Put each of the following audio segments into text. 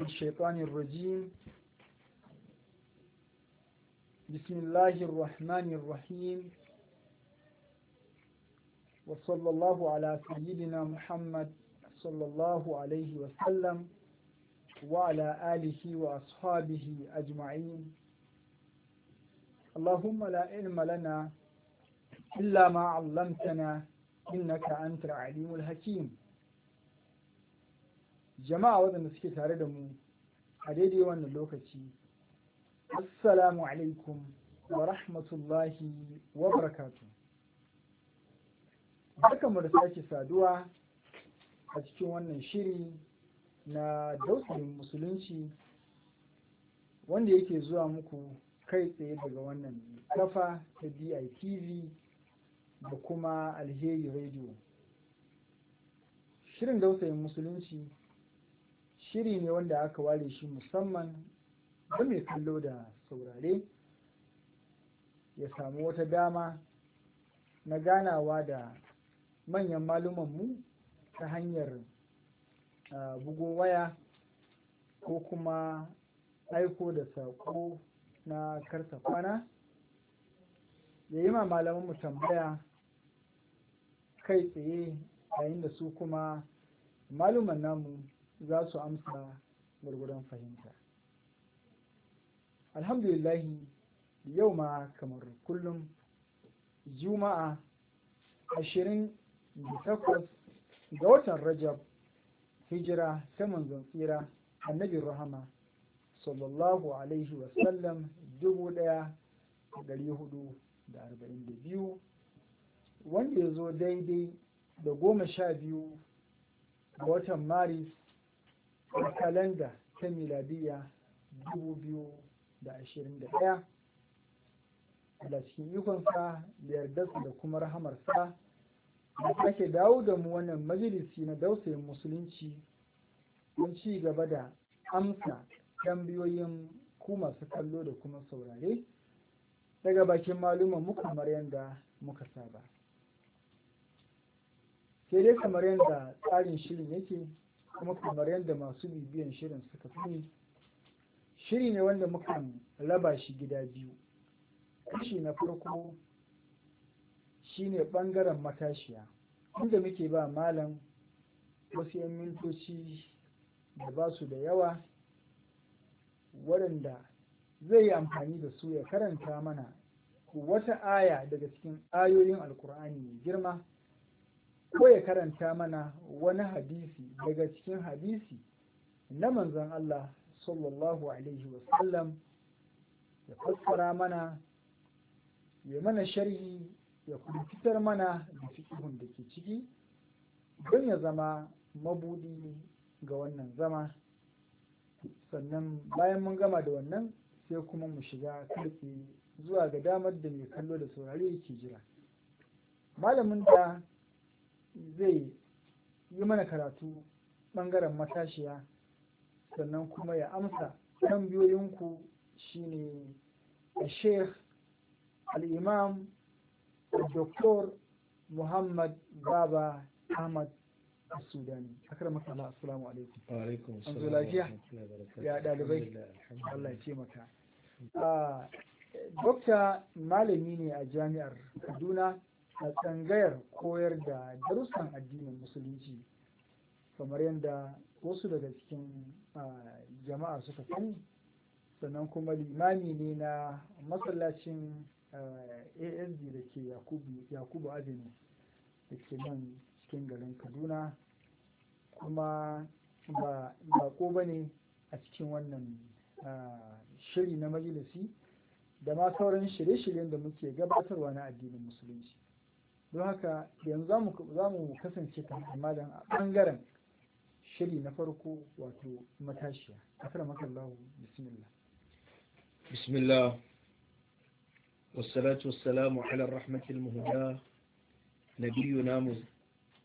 من الشيطان الرجيم بسم الله الرحمن الرحيم وصلى الله على سيدنا محمد صلى الله عليه وسلم وعلى آله وأصحابه أجمعين اللهم لا علم لنا إلا ما علمتنا إنك أنت العليم الحكيم jama'a waɗanda suke tare da mu a daidai wannan lokaci assalamu alaikum wa rahmatullahi wa barakatu mu da sake saduwa a cikin wannan shiri na dausayin musulunci wanda yake zuwa muku kai tsaye daga wannan kafa ta DITV da kuma alheri radio shirin dausayin musulunci shiri ne wanda aka ware shi musamman da mai kallo da saurare ya samu wata dama na ganawa da manyan malumanmu ta hanyar bugo waya ko kuma aiko da saƙo na karta kwana ya yi mu tambaya kai tsaye yayin da su kuma maluman namu za su amsa gwargwadon fahimta alhamdulillahi yau ma kamar kullum juma'a ashirin da takwas ga watan rajab hijira ta manzon tsira annabi rahama sallallahu alaihi wasallam dubu daya da hudu da arba'in da biyu wanda ya zo daidai da goma sha biyu ga watan maris a kalanda ta miladiya 2021 da cikin ikonsa da yardarsa da kuma rahamarsa da sake dawo da mu wannan majalisi na dausayin musulunci don ci gaba da amsa tambayoyin ku masu kallo da kuma saurare daga bakin maluman mu kamar yadda muka saba sai dai kamar yadda tsarin shirin yake kuma kamar yadda masu bibiyan shirin suka sani shiri ne wanda mukan raba shi gida biyu kashi na farko shine ɓangaren matashiya inda muke ba malam wasu 'yan mintoci da ba su da yawa waɗanda zai yi amfani da su ya karanta mana wata aya daga cikin ayoyin alkur'ani mai girma ko ya karanta mana wani hadisi daga cikin hadisi na manzon Allah sallallahu alaihi wasallam ya fassara mana ya mana sharhi ya fitar mana da fikihun da ke ciki don ya zama mabudi ga wannan zama sannan bayan mun gama da wannan sai kuma mu shiga karfe zuwa ga damar da mai kallo da saurari yake jira malamin da zai yi mana karatu ɓangaren matashiya sannan kuma ya amsa tambayoyinku shine a sheikh al'imam doktor muhammad baba ahmad sudani kira makala assalamu alaikum an zo lafiya ya dalibai Allah ya ce maka ah, dokta malami ne a jami'ar kaduna a tsangayar koyar da darussan addinin musulunci kamar yadda wasu daga cikin jama'a suka sani sannan kuma limami ne na masallacin asd da ke yakubu avenue da ke nan cikin garin kaduna kuma ba ko ba ne a cikin wannan shiri na majalisi da ma sauran shirye-shiryen da muke gabatarwa na addinin musulunci don haka yanzu za mu kasance kamadan a ɓangaren shiri na farko wato matashiya a fara makallahu bismillah bismillah wasalatu wasalamu ala rahmatul muhuda na biyu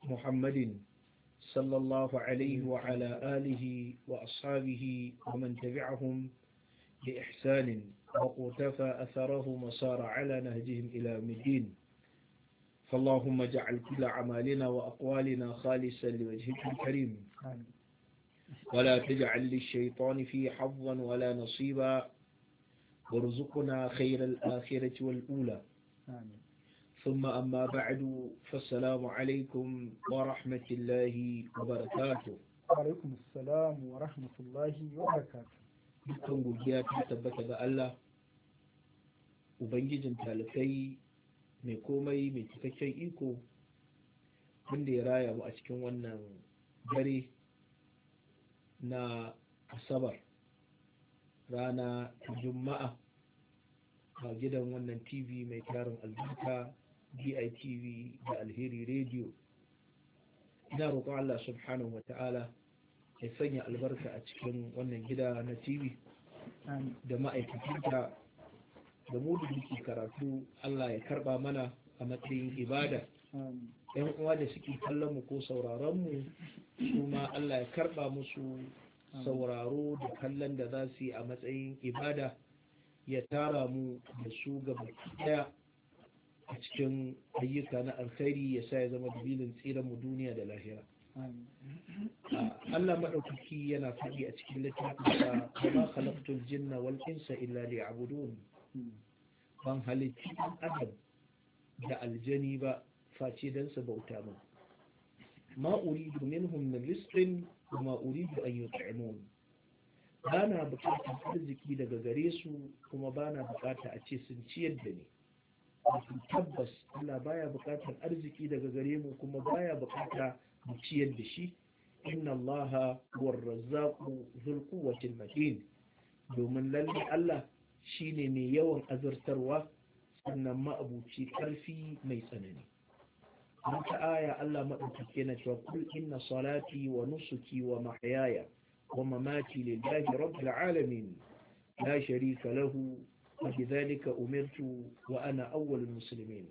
muhammadin sallallahu alaihi wa ala alihi wa ashabihi wa man tabi'ahum bi ihsanin wa qutafa atharahu masara ala nahjihim ila madin. فاللهم اجعل كل أعمالنا وأقوالنا خالصا لوجهك الكريم ولا تجعل للشيطان فيه حظا ولا نصيبا وارزقنا خير الآخرة والأولى ثم أما بعد فالسلام عليكم ورحمة الله وبركاته وعليكم السلام ورحمة الله وبركاته dukkan godiya ta tabbata ga mai komai mai cikakken iko wanda ya raya mu a cikin wannan dare na asabar rana juma'a a gidan wannan tv mai tarin albarka bitv da alheri radio ina roƙon allah subhanahu wa ta'ala ya sanya albarka a cikin wannan gida na tv da ma'aikatanta da mu da muke karatu Allah ya karba mana a matsayin ibada yan uwa da suke kallon mu ko sauraron mu kuma Allah ya karba musu sauraro da kallon da za su yi a matsayin ibada ya tara mu da su gaba daya a cikin ayyuka na alkhairi ya sa ya zama dalilin tsiran mu duniya da lahira Allah maɗaukaki yana faɗi a cikin littafinsa wa ma khalaqtul jinna wal insa illa liya'budun ban halicci ɗan adam da aljani ba face don su bauta ba ma uridu minhum min rizqin wa ma uridu an yut'imun bana bukatar arziki daga gare su kuma bana bukata a ce sun ciyar da ni tabbas Allah baya bukatar arziki daga gare mu kuma baya bukata mu ciyar da shi inna Allah huwar razzaqu dhul quwwatil matin domin lalle Allah shine mai yawan azartarwa sannan ma'abuci karfi mai tsanani wata aya Allah maɗaukake na cewa kul inna salati wa nusuki wa mahyaya wa mamati lillahi rabbil alamin la sharika lahu wa bidhalika umirtu wa ana awwalul muslimin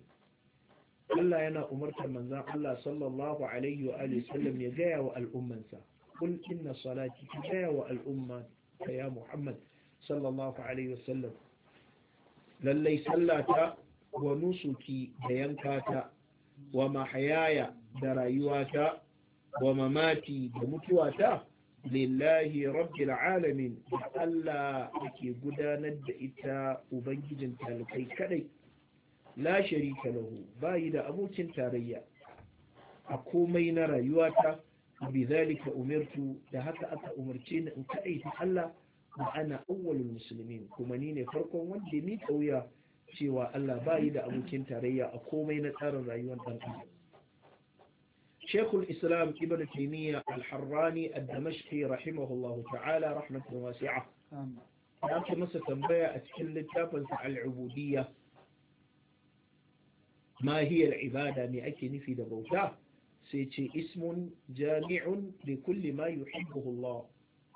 Allah yana umartar manzon Allah sallallahu alaihi wa alihi sallam ya gaya wa al'ummansa kul inna salati gaya wa al'umma ya Muhammad sallallahu alaihi wasallam lallai sallata wa nusuki da yankata wa mahayaya da rayuwata wa mamati da mutuwata lillahi rabbil alamin da Allah ke gudanar da ita ubangijin talibai kadai la sharika lahu bayi da abokin tarayya a komai na rayuwata bi zalika umirtu da haka aka umarce ni in kaɗaita Allah wa ana awalin muslimin kuma ni ne farkon wanda ni kauya cewa Allah bayi da abokin tarayya a komai na tsarin rayuwar dan adam Sheikhul Islam Ibn Taymiyyah Al-Harrani Ad-Damashqi rahimahullahu ta'ala rahmatan wasi'a ya masa tambaya a cikin littafinsa al-ubudiyya ma hiya al-ibada me ake nufi da bauta sai ce ismun jami'un li kulli ma yuhibbuhu Allah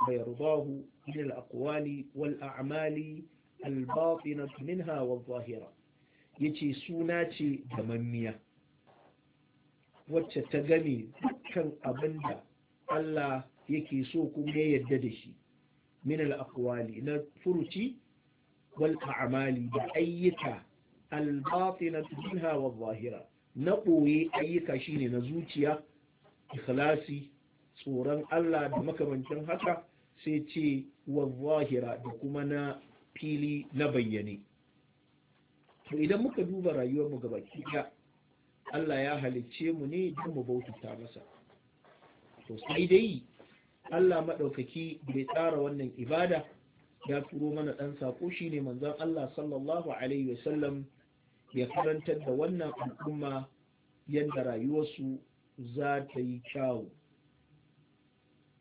ويرضاه من الأقوال والأعمال الباطنة منها suna ce سوناتي دممية wacce ta game dukkan abinda Allah yake so kuma ya yarda da shi min al na furuci wal a'mali da ayyuka al-batina zahira na ɓoye ayyuka shine na zuciya ikhlasi tsoron Allah da makamancin haka sai ce wa zahira da kuma na fili na bayyane to idan muka duba rayuwarmu ga baki Allah ya halicce mu ne don mu bautata masa to sai dai Allah maɗaukaki bai tsara wannan ibada ya turo mana ɗan saƙo shi ne manzon Allah sallallahu alaihi wasallam ya karantar da wannan al'umma yadda rayuwarsu za ta yi kyawu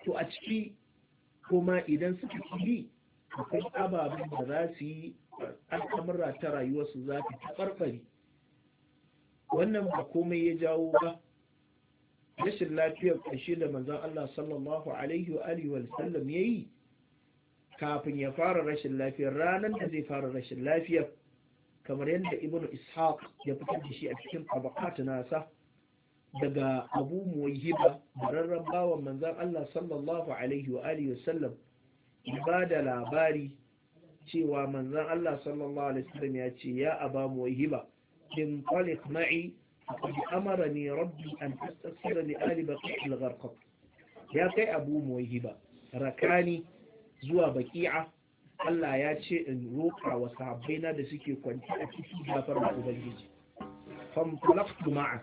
to a ciki kuma idan suka yi akwai ababen da za su yi al'amura ta rayuwarsu za ta taɓarɓare wannan ba komai ya jawo ba rashin lafiyar ƙarshe da manzan Allah sallallahu alaihi wa alihi wa sallam ya yi kafin ya fara rashin lafiyar ranar da zai fara rashin lafiyar kamar yadda ibn ishaq ya fitar da shi a cikin tabakatu nasa daga abu muwayhiba bararren bawan manzan Allah sallallahu alaihi wa alihi wasallam ba da labari cewa manzan Allah sallallahu alaihi wasallam ya ce ya aba muwayhiba in talik ma'i amara amarani rabbi an astaghfira li ali baqi' al-gharqab ya kai abu muwayhiba rakani zuwa baqi'a Allah ya ce in roƙa wa sahabbaina da suke kwanci a cikin gafar da Ubangiji. Famfalaktu ma'a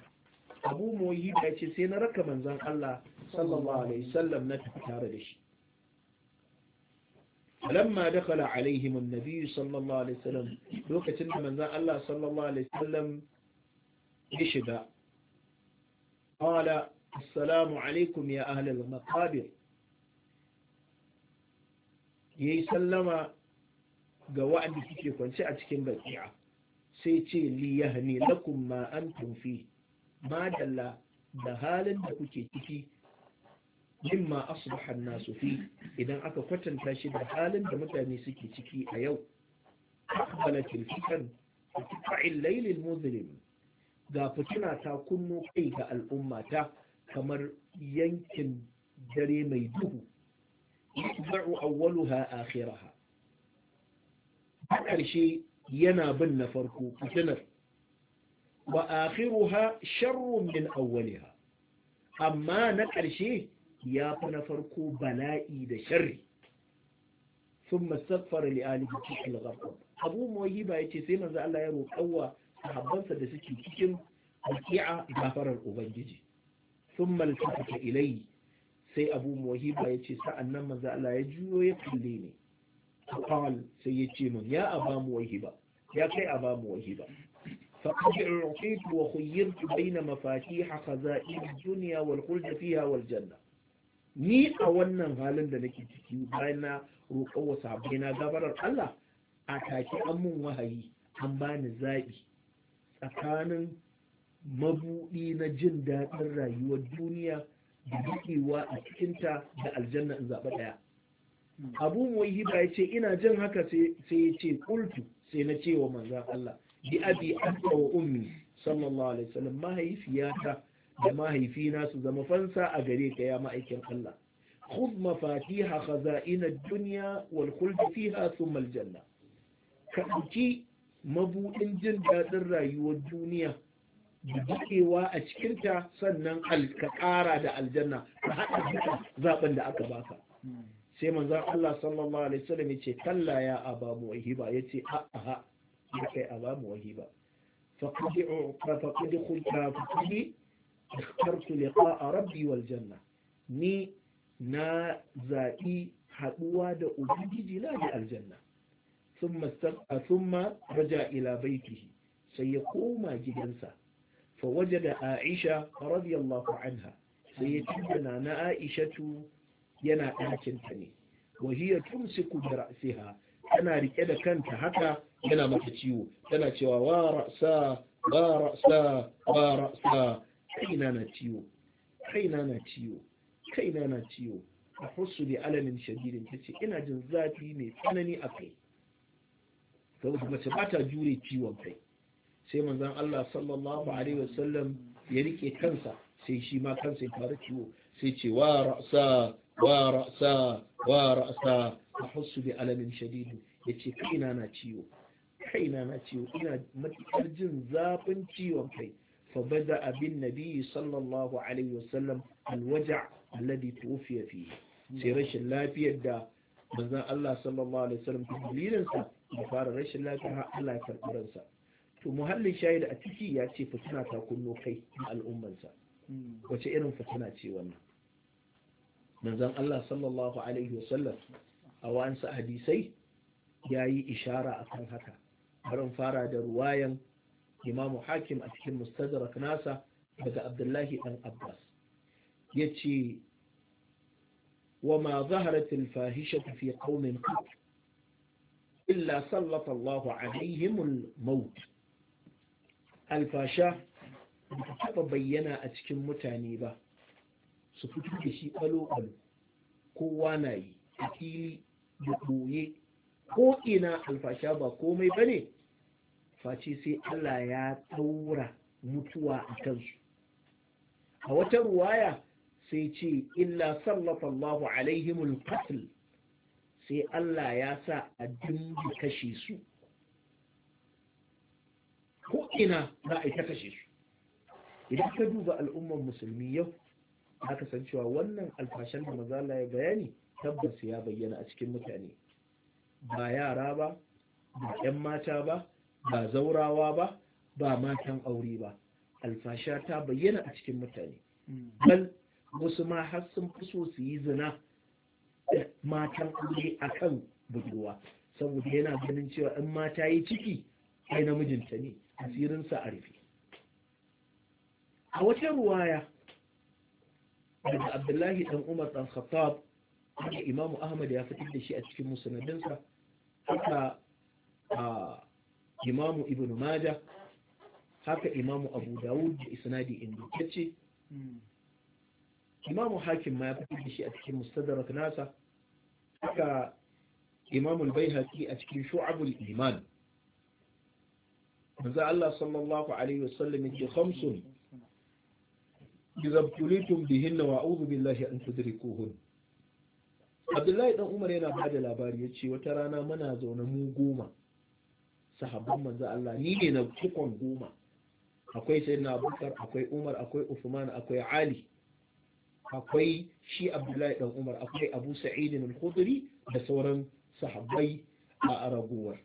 abu moyi da ce sai na raka manzan Allah sallallahu alaihi sallam na tare da shi lamma dakhala alaihim annabi sallallahu alaihi sallam lokacin da manzan Allah sallallahu alaihi sallam ya shiga qala assalamu alaikum ya ahli al-maqabir yayi sallama ga wa'anda suke kwance a cikin baki'a sai ce li yahni lakum ma antum fihi madalla da halin da kuke ciki mimma asbaha an-nasu fi idan aka kwatanta shi da halin da mutane suke ciki a yau aqbalat al-fitan layl al-muzlim ga fitina ta kunno kai ga al'ummata kamar yankin dare mai duhu yatba'u awwaluha akhiraha a ƙarshe yana bin na farko fitinar wa akhiruha sharrun min awwaliha amma na ƙarshe ya fi na farko bala'i da sharri sun masaffara da cikin gafon abu mawai ba ya ce sai manzo Allah ya roƙawa sahabbansa da suke cikin alƙi'a gafarar ubangiji sun maltafata ilai sai abu mawai ba ya ce sa'an nan manzo Allah ya juyo ya kalle ne kawal sai ya ce min ya aba mawai ba ya kai aba mawai ba فقد أعطيت وخيرت بين مفاتيح خزائن الدنيا والخلد فيها والجنة ni a wannan halin da nake ciki bayan na roƙo wa sahabbai na gabarar Allah a take an mun wahayi an bani zaɓi tsakanin mabuɗi na jin daɗin rayuwar duniya da daɗewa a cikinta da aljanna in zaɓa ɗaya abu muwahiba ya ce ina jin haka sai ya ce kultu sai na ce wa manzan Allah bi abi anta wa ummi sallallahu alaihi wasallam mahaifiyata da mahaifina su zama fansa a gare ka ya ma'aikin Allah khudh mafatiha khaza'in ad-dunya wal khuld fiha thumma al-janna ka mabudin jin daɗin rayuwar duniya da a a cikinta sannan ka da aljanna ka haɗa duka zaɓin da aka baka hmm. sai manzon Allah sallallahu alaihi wasallam ya ce kalla ya aba muhiba ya ce a'a ya kai a bamu wahi ba faƙaɗi hulɗa faƙaɗi ikhtartu liqa a rabbi wal janna ni na zaɓi haɗuwa da ubangiji na da aljanna thumma raja ila baitihi sai ya koma gidansa fa da aisha radiyallahu anha sai ya tuna na aishatu yana ɗakinta ne wa hiya tumsiku tana rike da kanta haka yana mata ciwo tana cewa wa ra'sa wa ra'sa wa ra'sa kaina na ciwo kaina na ciwo kaina na ciwo a husu bi alamin shadidin ce ina jin zafi mai tsanani a kai saboda mace ba ta jure ciwon kai sai manzon Allah sallallahu alaihi wasallam ya rike kansa sai shi ma kansa ya fara ciwo sai ce wa ra'sa wa ra'sa wa ra'sa a husu bi alamin shadidin ce kaina na ciwo kaina na ciwo ina matuƙar jin zafin ciwon kai fa bada abin nabiyyi sallallahu alaihi wasallam alwaja alladhi tuwfiya fihi sai rashin lafiyar da manzon Allah sallallahu alaihi wasallam ta dalilin sa ya fara rashin lafiya har Allah ya karɓi ransa to muhallin shahid a ciki ya ce fitina ta kunno kai al'ummansa wace irin fitina ce wannan manzon Allah sallallahu alaihi wasallam a wa'ansa hadisai ya yi ishara akan haka barin fara da ruwayan imamu hakim a cikin mustadrak nasa daga abdullahi dan abbas ya ce wa ma zaharatil fahishatu fi qaumin qat illa sallata Allahu alaihim al-maut alfasha ba taɓa bayyana a cikin mutane ba su fito da shi ƙalo-ƙalo kowa na yi a fili da ɓoye ko ina alfasha ba komai ba ne face sai Allah ya taura mutuwa a kansu a wata ruwaya sai ce illa Allahu alaihimul qatl sai Allah ya sa a dinga kashe su ko ina za a yi ta kashe su idan ka duba al'ummar musulmi yau aka san cewa wannan alfashan da maza Allah ya bayani tabbas ya bayyana a cikin mutane ba yara ba ba 'yan mata ba ba zaurawa ba ba matan aure ba alfasha ta bayyana a cikin mutane bal wasu ma har sun fi so su yi zina da matan aure a kan budurwa saboda yana ganin cewa in mata yi ciki ai namijinta ne asirinsa a rufe a wata ruwaya daga abdullahi dan umar dan khattab da imamu ahmad ya fitar da shi a cikin musanadinsa haka a ah, imamu ibn maja haka imamu abu dawud da isnadi indikacce hmm. imamu hakim ma ya fitar da shi a cikin mustadrak nasa haka Imamu al baihaqi a cikin shu'abul iman manzo Allah sallallahu alaihi wasallam yake khamsun idza bulitum bihin wa a'udhu billahi an tudrikuhun Abdullahi dan Umar yana bada labari ya ce, wata rana muna zaune mu goma sahabban manzo Allah ni ne na cikon goma akwai sayyidina bukar akwai Umar akwai usman akwai Ali akwai shi Abdullahi dan Umar akwai Abu Sa'id al-Khudri da sauran sahabbai a ragowar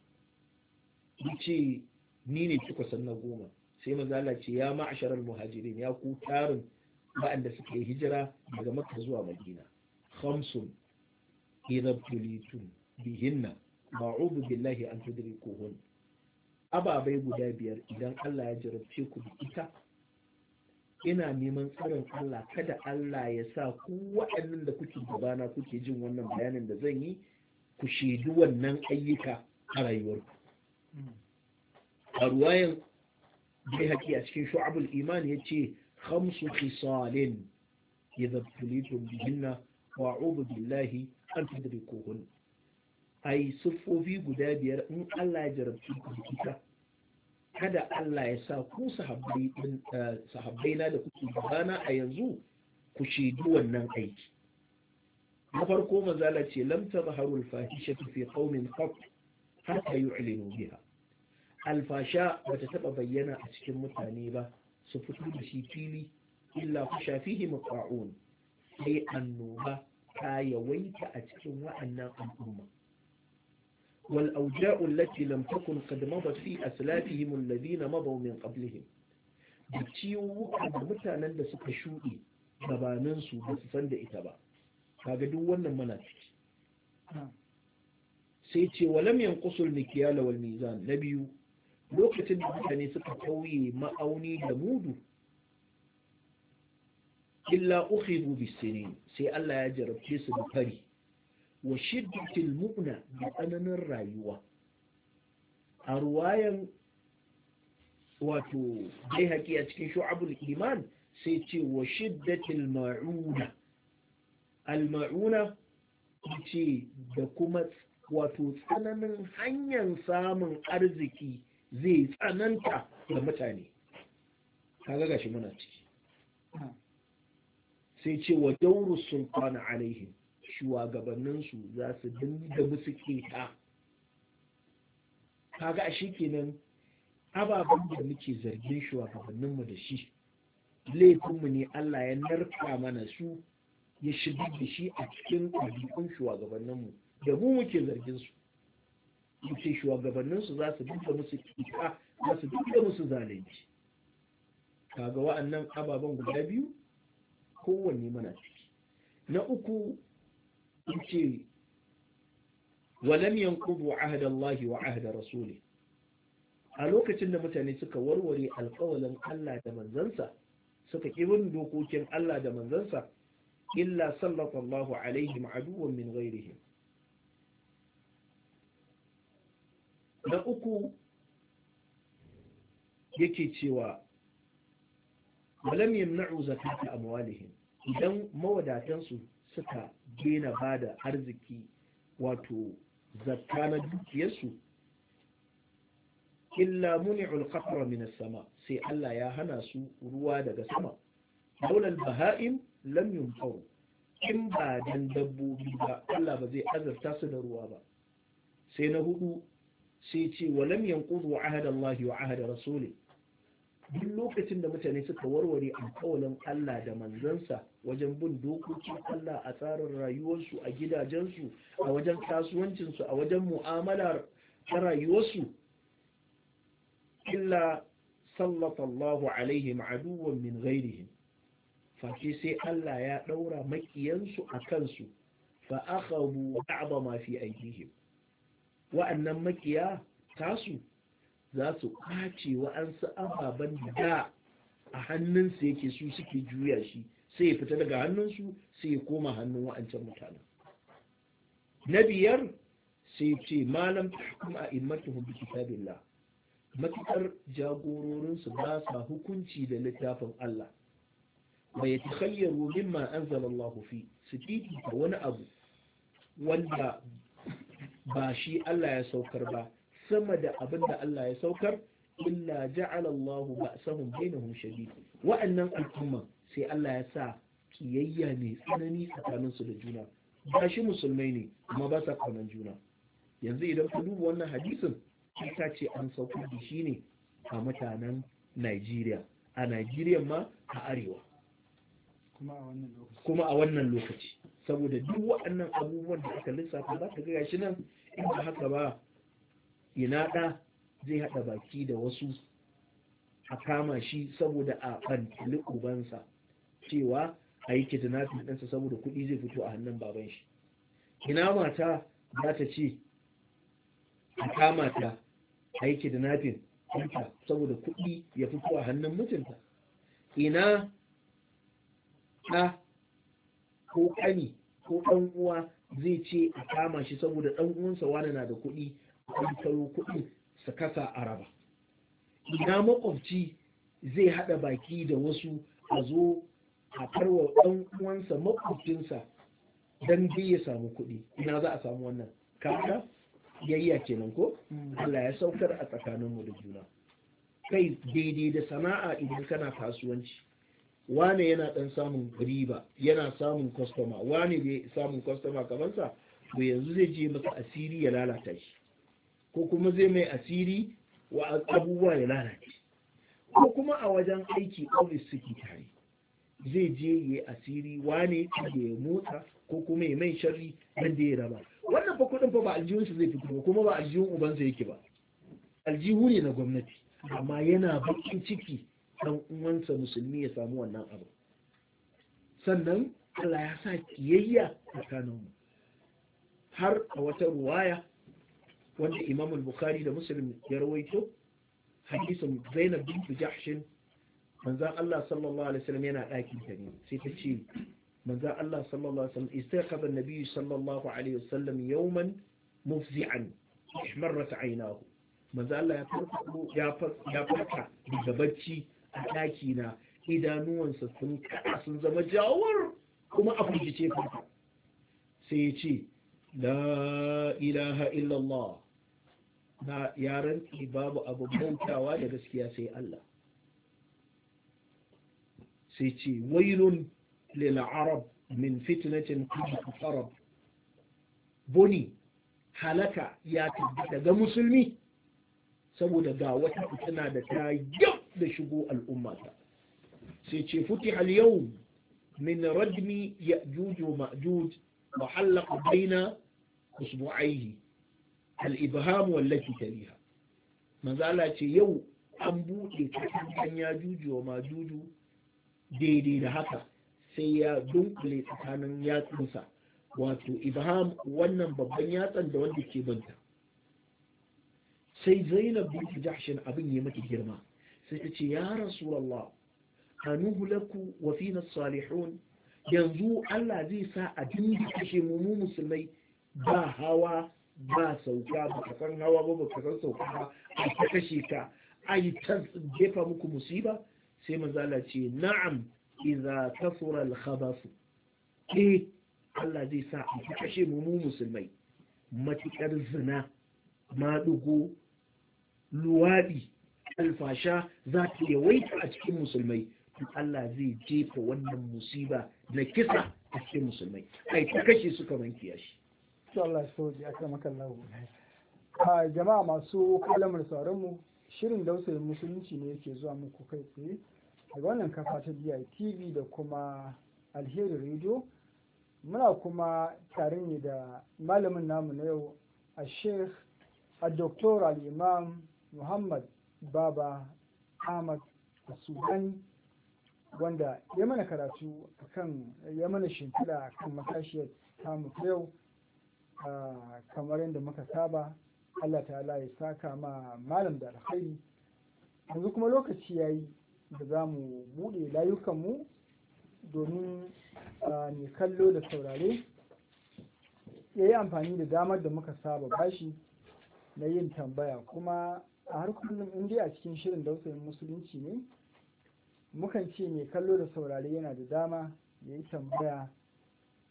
yace ni ne cikon na goma sai manzo Allah ce ya ma'ashar al-muhajirin ya ku tarin waɗanda suka yi hijira daga Makka zuwa Madina khamsun idza tulitum bihinna ba'udhu billahi an tudrikuhun ababai guda biyar idan Allah ya jarabce ku da ita ina neman tsarin Allah kada Allah ya sa ku waɗannan da kuke gabana kuke jin wannan bayanin da zan yi ku shaidu wannan ayyuka a rayuwarku a ruwayan bai haƙi a cikin shu'abul iman ya ce khamsu khisalin idza tulitum bihinna wa billahi an ai siffofi guda biyar in Allah ya jarabci ku da ita kada Allah ya sa ku sahabbai eh, na da kuke gabana a yanzu ku shaidu wannan aiki na farko mazala ce lam tazharu al-fahisha fi qaumin qat hatta yu'linu biha alfasha bata taba bayyana a cikin mutane ba su fito da shi fili illa kusha fihi muqa'un sai annoba ta yawaita a cikin wa'annan al'umma والأوجاء التي لم تكن قد مضت في أسلافهم الذين مضوا من da ciwukan da mutanen da suka shuɗe gabaninsu ba su san da ita ba kaga duk wannan mana ciki sai ce walam yanqusul mikyala wal mizan na biyu lokacin da mutane suka tauye ma'auni da mudu illa ukhidhu bis sinin sai Allah ya jarabce su da fari wa shiddatil mu'na da tsananin rayuwa a ruwayan wato dai haƙi a cikin shu'abul iman sai ce wa shiddatil ma'una al-ma'una ce da kuma wato tsananin hanyar samun arziki zai tsananta ga mutane kaga gashi muna ciki hmm. sai ce wa dauru sultana alaihim shugabanninsu za su dinga musu keta kaga a kenan ababen da muke zargin shugabanninmu da shi laifinmu ne Allah ya narka mana su ya shiga da shi a cikin ɗabi'un shugabanninmu da mu muke zargin su yake shugabanninsu za su dinga musu keta za su dinga musu zalunci kaga wa'annan ababen guda biyu kowanne mana ciki na uku ce walam yanqudu ahda Allah wa ahda rasuli a lokacin da mutane suka warware alƙawalin Allah da manzansa suka kibin dokokin Allah da manzansa illa sallallahu alaihim aduwwan min ghairihim Da uku yake cewa walam yamna'u zakata amwalihim idan mawadatansu suka daina bada arziki wato zakka na dukiyarsu illa muni'ul qatra min as-sama sai Allah ya hana su ruwa daga sama daulal baha'im lam yumtaru in ba dan dabbobi ba Allah ba zai azarta su da ruwa ba sai na hudu sai ce wa lam yanqudu ahadallahi wa ahada rasuli duk lokacin da mutane suka warware alkawalin Allah da manzansa wajen bin dokokin Allah a tsarin rayuwarsu a gidajensu a wajen kasuwancinsu a wajen mu'amalar ta rayuwarsu illa sallallahu alaihi ma'aduwan min ghairihim face sai Allah ya daura makiyansu a kansu fa akhadhu ba'd ma fi aydihim wa'annan makiya tasu za su kwace wa'ansu ababen da a hannunsu yake su suke juya shi sai ya fita daga hannunsu sai ya koma hannun wa'ancan mutane. na biyar sai ce malam tahkum a immatuhum bi kitabillah matukar jagororinsu ba sa hukunci da littafin Allah wa yatakhayyaru mimma an Allah fi su titi wani abu wanda ba shi Allah ya saukar ba sama da abin da Allah ya saukar illa ja'ala Allahu ba'sahum bainahum shadid wa'annan al'umma sai Allah ya sa kiyayya ne tsanani tsakanin su da juna ba shi musulmai ne amma ba sa juna yanzu idan ku duba wannan hadisin ita ce an saukar da shi ne a mutanen Najeriya a Najeriya ma a arewa kuma a wannan lokaci saboda duk waɗannan abubuwan da aka lissafa za ka ga shi nan in ka haka ba ina ɗa zai haɗa baki da wasu a kama shi saboda a ɓantali ubansa cewa a yi kidnapping ɗansa saboda kuɗi zai fito a hannun baban shi ina mata za ta ce a kama ta a yi kidnapping saboda kuɗi ya fito a hannun mutunta ina ɗa ko ƙani ko ɗan uwa zai ce a kama shi saboda ɗan uwansa wani na da kuɗi kwantaro kuɗin su kasa a raba ina makwabci zai haɗa baki da wasu a zo a farwa ɗan uwansa makwabcinsa don dai ya samu kuɗi ina za a samu wannan kaka yayya kenan ko hmm. Allah ya saukar a tsakaninmu da juna kai daidai da sana'a idan kana kasuwanci wane yana ɗan samun riba yana samun kwastama. wane bai samun kamar sa? to yanzu zai je masa asiri ya lalata shi ko kuma zai mai asiri wa abubuwa ya lalace ko kuma a wajen aiki ofis suke tare zai je ya asiri wane da ya motsa ko kuma ya mai sharri nan da ya raba wannan fa kudin fa ba aljihun shi zai fito ba kuma ba aljihun ubansa yake ba aljihu ne na gwamnati amma yana bakin ciki dan uwansa musulmi ya samu wannan abu sannan Allah ya sa kiyayya tsakanin mu. har a wata ruwaya wanda Imam al-Bukhari da Muslim ya rawaito hadisin Zainab bint Jahsh manzon Allah sallallahu alaihi wasallam yana ɗakin ta ne sai ta ce manzon Allah sallallahu alaihi wasallam istaqaba an-nabi sallallahu alaihi wasallam yawman mufzi'an ihmarrat 'aynahu manzon Allah ya farko ya ya farka daga bacci a ɗaki na idanuwansa sun kada sun zama jawar kuma a firgice farka sai ya ce la ilaha illallah na yaran babu abin bantawa da gaskiya sai Allah sai ce wailun lil arab min fitnatin qad arab boni halaka ya tabbata daga musulmi saboda ga wata fitina da ta yau da shigo al'ummata sai ce futi al yau min radmi ya'juj wa ma'juj wa halaqa baina usbu'aihi al-ibham wallafi tariha manzo ce yau an buɗe cikin ya juju wa majuju daidai da haka sai ya dunkule tsakanin yatsunsa wato ibham wannan babban yatsan da wanda ke banta sai zainab bin jahshin abin ya mata girma sai ta ce ya rasulullah anuhu laku wa fina salihun yanzu Allah zai sa a dinga kashe mu mu musulmai ba hawa ba sauka ba ka san hawa ba ba ka san sauka ba a ta kashe ka a yi ta jefa muku musiba sai manzala ce na'am idza kasura al-khabasu eh Allah zai sa a ta kashe mu mu musulmai matukar zina maɗugo luwaɗi alfasha za ta yawaita a cikin musulmai Allah zai jefa wannan musiba na kisa a cikin musulmai ai ta kashe su kamar kiyashi Allah soji a a jama'a masu kalamar sauran mu shirin dausayin musulunci ne yake zuwa muku kai tsaye daga wannan kafa ta T.V da kuma alheri radio muna kuma tare ne da malamin namu na yau a sheikh a doktor al-imam muhammad baba ahmad sudani wanda ya mana karatu kan ya mana shimfiɗa kan matashiyar tamu ta yau Ah, kamar yadda muka saba Allah ta'ala ya saka ma malam da alkhairi yanzu kuma lokaci ya yi da za mu buɗe layukanmu domin ne ah, kallo da saurare ya yi amfani da damar da muka saba bashi na yin tambaya kuma a har kullum inda a cikin shirin dausayin musulunci ne mukan ce mai kallo da saurare yana da dama ya yi tambaya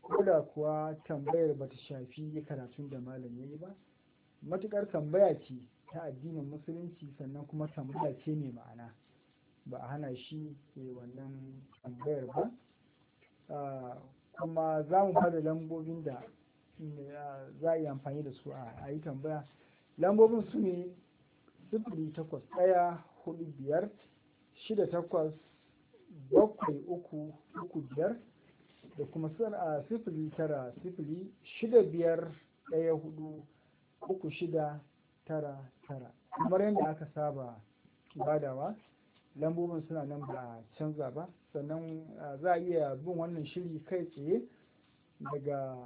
ko da kuwa tambayar ba ta shafi karatun da malam ya yi ba matukar tambaya ce ta addinin musulunci sannan kuma tambaya ce mai ma'ana ba a hana shi ke wannan tambayar ba ah, kuma za mu bada lambobin da ah, za a yi amfani da su a yi tambaya lambobin su ne sifili takwas ɗaya hudu biyar shida takwas bakwai biyar da kuma sun a sifili tara sifili shida biyar ɗaya hudu uku shida tara tara kamar yadda aka saba badawa lambobin suna nan ba canza ba sannan za a iya bin wannan shiri kai tsaye daga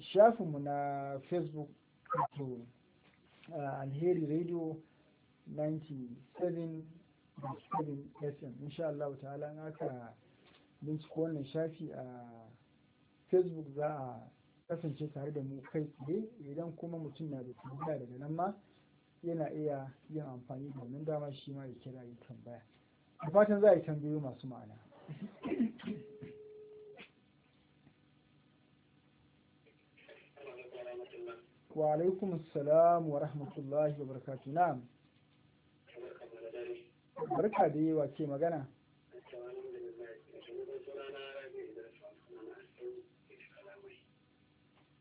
shafinmu na facebook to alheri radio 97.7 fm insha Allah ta'ala aka binciko wannan shafi a facebook za a kasance tare da mu kai tsaye idan kuma mutum na da tambaya daga nan ma yana iya yin amfani da wannan dama shi ma ya kira yi tambaya da fatan za a yi tambayoyi masu ma'ana wa alaikum assalam wa rahmatullahi wa barakatuh na barka da yawa ke magana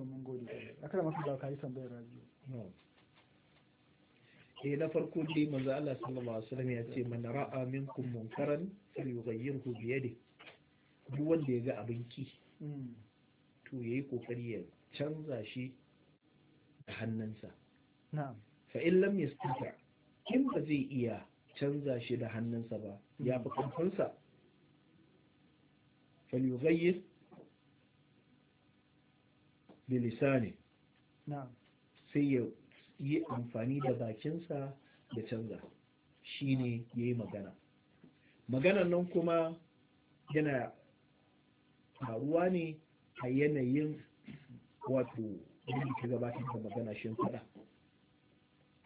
to mun gode eh. akala maka da kai tambayar rabi eh na farko dai manzo Allah sallallahu alaihi wasallam ya ce man ra'a minkum munkaran falyughayyirhu bi yadi duk wanda ya ga abin ki hmm. to yayi kokari ya canza shi da hannunsa na'am fa in lam yastata in ba zai iya canza shi da hannunsa ba ya fi kamfansa falyughayyir bilisani sai ya yi amfani da bakinsa ya canza shi ne ya yi magana maganan nan kuma yana faruwa ne a yanayin wato yadda ta gabatar da magana shi fada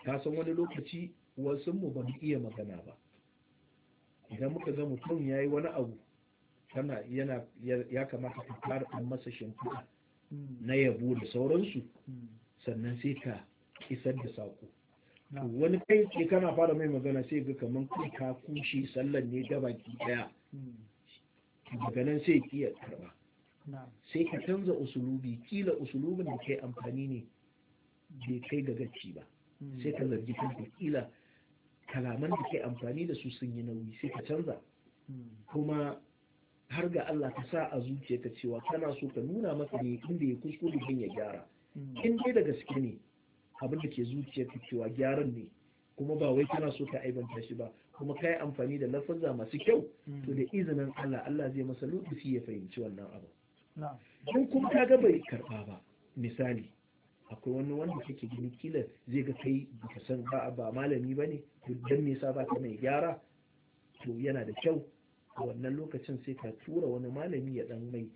ka wani lokaci wasu mu ba mu iya magana ba idan muka ga mutum ya yi wani abu yana ya kamata ka fara masa shimfiɗa na yabo da sauransu sannan sai ka isar da saƙo wani kai ce kana fara mai magana sai ga kamar kai ka kushe sallan ne gaba ki daya hmm. daga nan sai ki ya karba sai ka canza usulubi kila usulubin da kai amfani ne bai kai ga gaci ba hmm. sai ka zargi kanka kila kalaman da kai amfani da su sun yi nauyi sai ka canza hmm. kuma har ga Allah ta sa a zuciya ta cewa kana so ka nuna masa ne inda ya kuskure din ya gyara hmm. in dai da gaske ne abin da ke ta cewa gyaran ne kuma ba wai kana so ka aibanta shi ba kuma kai amfani da lafazza masu kyau hmm. to da izinin Allah Allah zai masa lokaci ya fahimci wannan abu in kuma ka ga bai karba ba misali akwai wani wanda kake gini kila zai ga kai baka san ba malami bane ne dan me yasa ba ka mai gyara to yana da kyau a wannan lokacin sai ka tura wani malami ya dan mai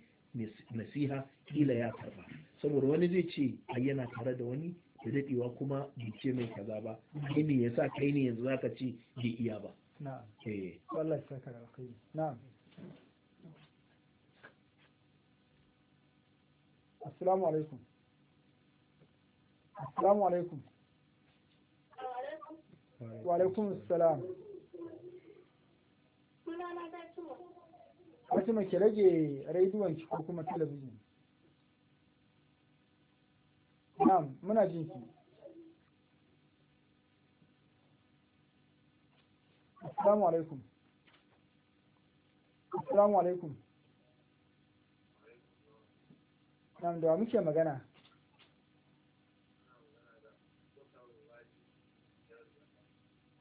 nasiha kila ya karba saboda wani zai ce ai yana tare da wani da daɗewa kuma bai ce mai kaza ba kai ne yasa kai ne yanzu zaka ce bai iya ba na'am eh wallahi sai ka alkhairi na'am assalamu alaikum assalamu alaikum wa alaikum assalam sunana Fatima Fatima ki rage rediyon ki ko kuma talabijin Na'am muna jin ki Assalamu alaikum Assalamu alaikum Na'am da muke magana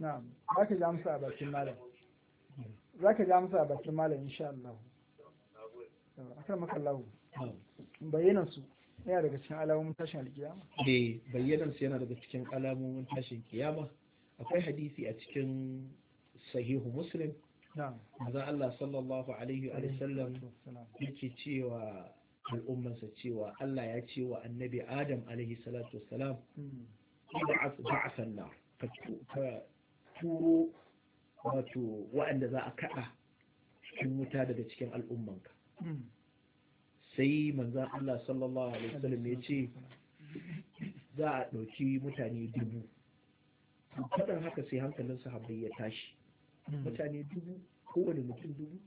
na'am za ka ja musu a bakin malam za ka ja musu a bakin malam insha Allah akan makallahu bayyanan su yana daga cikin alamomin tashin alkiyama eh bayyanan su yana daga cikin alamomin tashin kiyama akwai hadisi a cikin sahihu muslim maza Allah sallallahu alaihi wa sallam yake cewa al'ummarsa cewa Allah ya ce wa annabi Adam alaihi salatu wassalam hmm. ib'as ba'san nar ka turo wato waɗanda za a kaɗa cikin wuta daga cikin al'ummanka sai manzan Allah sallallahu alaihi wasallam ya ce za a ɗauki mutane dubu kadan haka sai hankalin sahabbai ya tashi mutane dubu kowane mutum dubu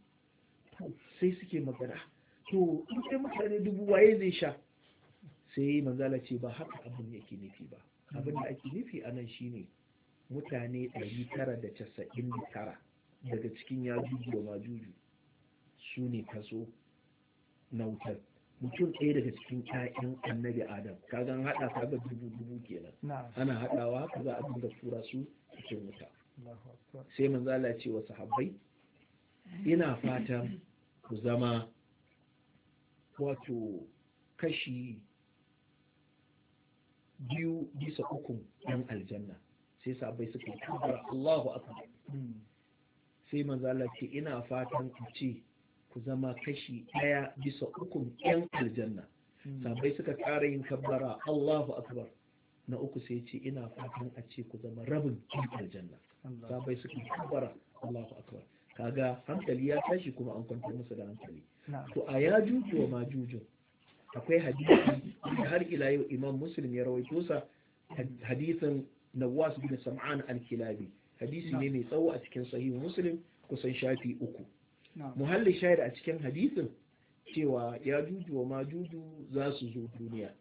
sai suke magana to in kai mutane dubu waye zai sha sai manzala ce ba haka abin yake nufi ba abin da ake nufi a nan shine mutane ɗari tara da 999 daga cikin ya juju da majuju su ne kaso na wutar mutum ɗaya daga cikin ƴaƴan annabi adam kagan gan haɗa ta ga dubu dubu kenan ana haɗawa ka za a dinga tura su cikin wuta sai manzo Allah ce wa sahabbai ina fatan ku zama wato kashi biyu bisa uku ɗan aljanna sai sabai suka yi kabbara Allahu akbar sai manzo Allah ce ina fatan ku ce ku zama kashi ɗaya bisa uku yan aljanna hmm. sabai suka kara yin kabbara Allahu akbar na uku sai ce ina fatan a ce ku zama rabin ɗan aljanna sabai suka yi Allahu akbar kaga hankali ya tashi kuma an kwanta musu da hankali to a ya juju ma jujun akwai hadisi da har ila yau imam muslim ya rawaito sa hadisin nawas bin sam'an al-kilabi hadisi ne mai tsawo a cikin sahih muslim kusan shafi uku muhalli shahid a cikin hadisin cewa ya juju wa ma juju za su zo duniya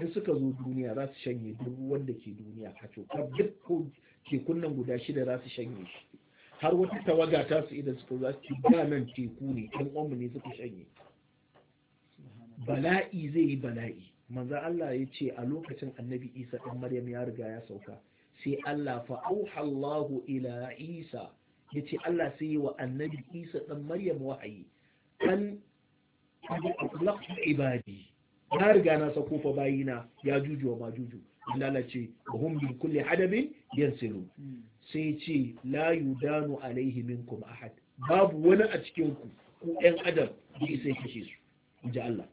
in suka zo duniya za su shanye duk wanda ke duniya a cokar duk ko ke guda shida za su shanye shi har wata tawaga ta su idan suka za su ci ganan teku ne ɗan uwanmu ne suka shanye bala'i zai yi bala'i manzo Allah ya ce a lokacin annabi Isa ɗan Maryam ya riga ya sauka sai Allah fa auhallahu ila Isa yace Allah sai yi wa annabi Isa ɗan Maryam wahayi an ablaqtu ibadi ya riga na sako fa bayina ya juju wa majuju lalace wa hum min kulli hadabin yansilu sai ce la yudanu alaihi minkum ahad babu wani a cikin ku ku ɗan adam da isa kashe su ji Allah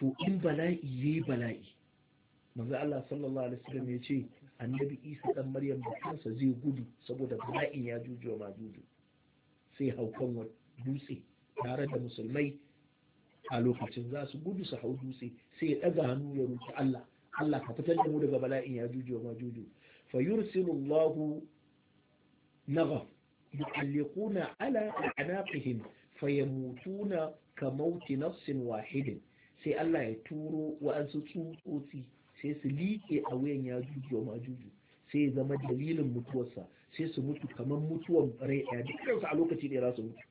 to in bala'i yayi bala'i manzo Allah sallallahu alaihi wasallam ya ce annabi Isa dan Maryam da kansa zai gudu saboda bala'in ya juju ma juju sai haukan dutse tare da musulmai a lokacin za su gudu su hau dutse sai ya daga hannu ya roki Allah Allah ka fitar da mu daga bala'in ya juju ma juju fa yursilu Allah naghaf yu'alliquna ala a'naqihim fayamutuna ka mauti nafsin wahidin sai Allah ya turo wa'ansu tsutsotsi sai su liƙe a wuyan ya juju ma juju sai ya zama dalilin mutuwarsa sai su mutu kamar mutuwan rai ɗaya dukkansu a lokaci ɗaya za su mutu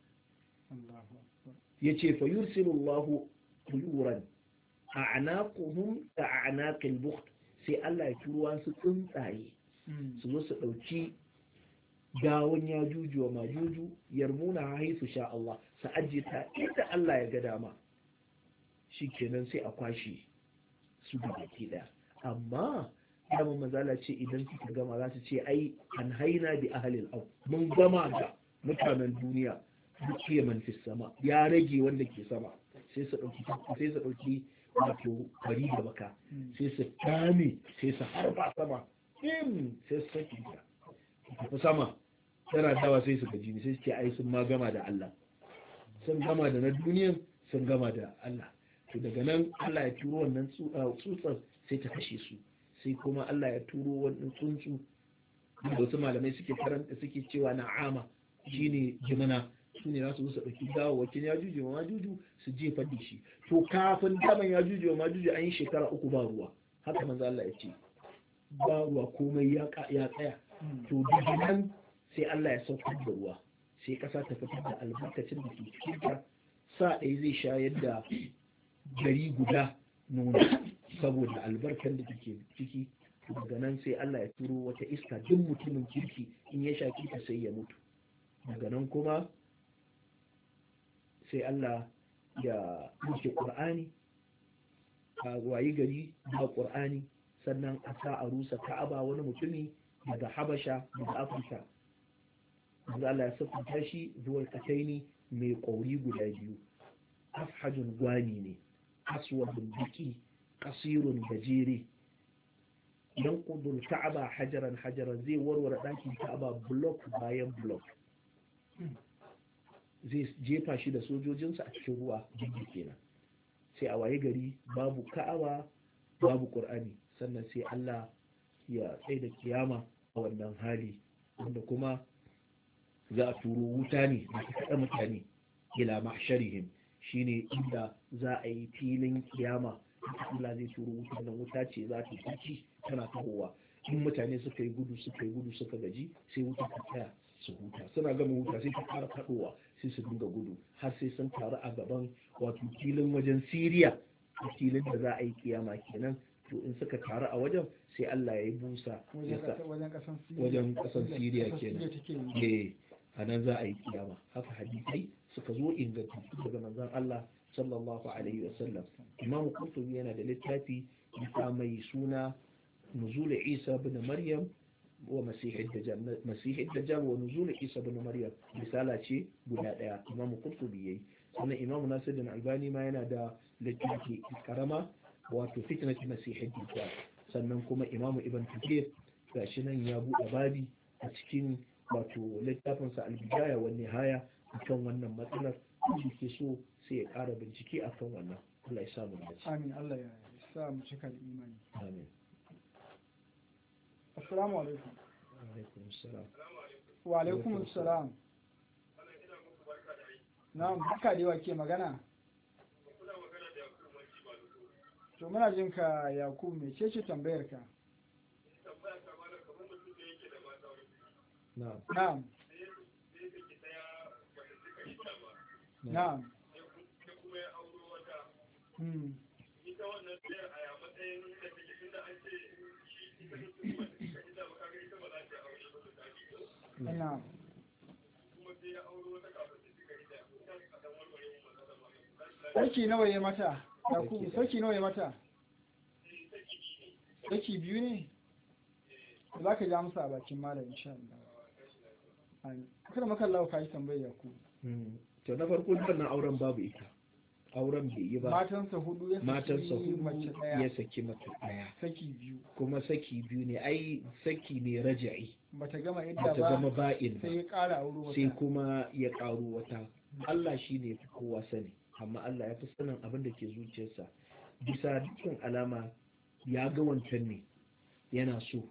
ya ce fa yursilullahu tuluran a anaquhum a anaqil bukht sai Allah ya turo wasu tsuntsaye hmm. su zo su ɗauki gawon ya juju ma juju yarmuna haisu sha Allah su ajiye ta inda Allah ya ga dama shi kenan sai a kwashe su da baki ɗaya amma dama mazala ce idan suka gama za su ce ai an haina bi ahalil au mun gama ga mutanen duniya duk yaman fi sama ya rage wanda ke sama sai su ɗauki sai su wato bari da baka sai su kame sai su harba sama im sai su saki da tafi sama tana dawa sai su gaji sai su ce ai sun ma gama da Allah sun gama da na duniyan sun gama da Allah to daga nan Allah ya turo wannan ah, tsutsar sai ta kashe su sai kuma Allah ya turo wannan tsuntsu da wasu malamai suke karanta suke cewa na'ama shine jimina su ne za su su ɗauki gawawwakin ya juje ma majuju su je faɗi shi to kafin daman ya juje ma majuju an yi shekara uku ba ruwa haka manzo Allah ya ce ba ruwa komai ya tsaya to daga nan sai Allah ya sauka da ruwa sai kasa ta fitar da albarkacin da ke cikin ta sa ɗaya zai sha da gari guda nuna saboda albarkar da take ciki daga nan sai Allah ya turo wata iska duk mutumin kirki in ya shaki ta sai ya mutu daga nan kuma sai Allah ya wuce Qur'ani a wayi gari da qurani sannan a sa a rusa ka'aba wani mutumi daga habasha daga afirka da Allah ya saka shi zuwa kataini mai ƙauri guda biyu afhajun gwani ne aswadun baki kasirun gajere yan kudul ka'aba hajaran hajaran zai warware ɗakin ta'aba block bayan block zai jefa shi da sojojinsa a cikin ruwa jirgi kenan sai a waye gari babu ka'aba babu ƙur'ani sannan sai allah ya tsaye da kiyama a wannan hali wanda kuma za a turo wuta ne da kaɗa mutane ila mahsharihim shine inda za a yi filin kiyama Allah zai turo wuta nan wuta ce za ta tafi tana tahowa in mutane suka yi gudu suka yi gudu suka gaji sai wuta ta tsaya su huta suna gama wuta sai ta fara fadowa sai su dinga gudu har sai sun taru a gaban wato filin wajen Siriya filin da za a yi kiyama kenan to in suka taru a wajen sai Allah ya yi busa wajen kasan Siriya kenan eh a nan za a yi kiyama haka hadisi suka zo ingantattu daga manzon Allah sallallahu alaihi wasallam imam qurtubi yana da littafi bisa mai suna nuzul isa ibn maryam wa masihid dajjal wa nuzul isa ibn maryam misala ce guda daya imam qurtubi yayi sannan imam nasiruddin albani ma yana da littafi karama wato fitnat masihid dajjal sannan kuma imam ibn kathir gashi nan ya buɗe babi a cikin wato littafinsa al-bidaya wa nihaya akan wannan matsalar da ke so sai ya ƙara bincike akan wannan Allah ya samu dace amin Allah ya sa mu cika da imani amin assalamu alaikum Wa alaikum assalam wa alaikum assalam na'am haka da ke magana to muna jin ka yakub me ce ce tambayar ka na'am na'am na'am hmm. nawa ya mata yakubu saki nawa ya mata saki biyu ne za ka ja a bakin malam insha Allah kada makallawa ka yi tambayar yakubu hmm. to na farko wannan auren babu ita auren bai yi ba matansa hudu ya saki daya ya saki mata daya biyu kuma saki biyu ne ai saki ne raja'i bata gama ba ba'in sai ya kara auro sai kuma ya karo wata Allah shi ne fi kowa sani amma Allah ya fi sanin abin da ke zuciyarsa bisa dukkan alama ya ga wancan ne yana so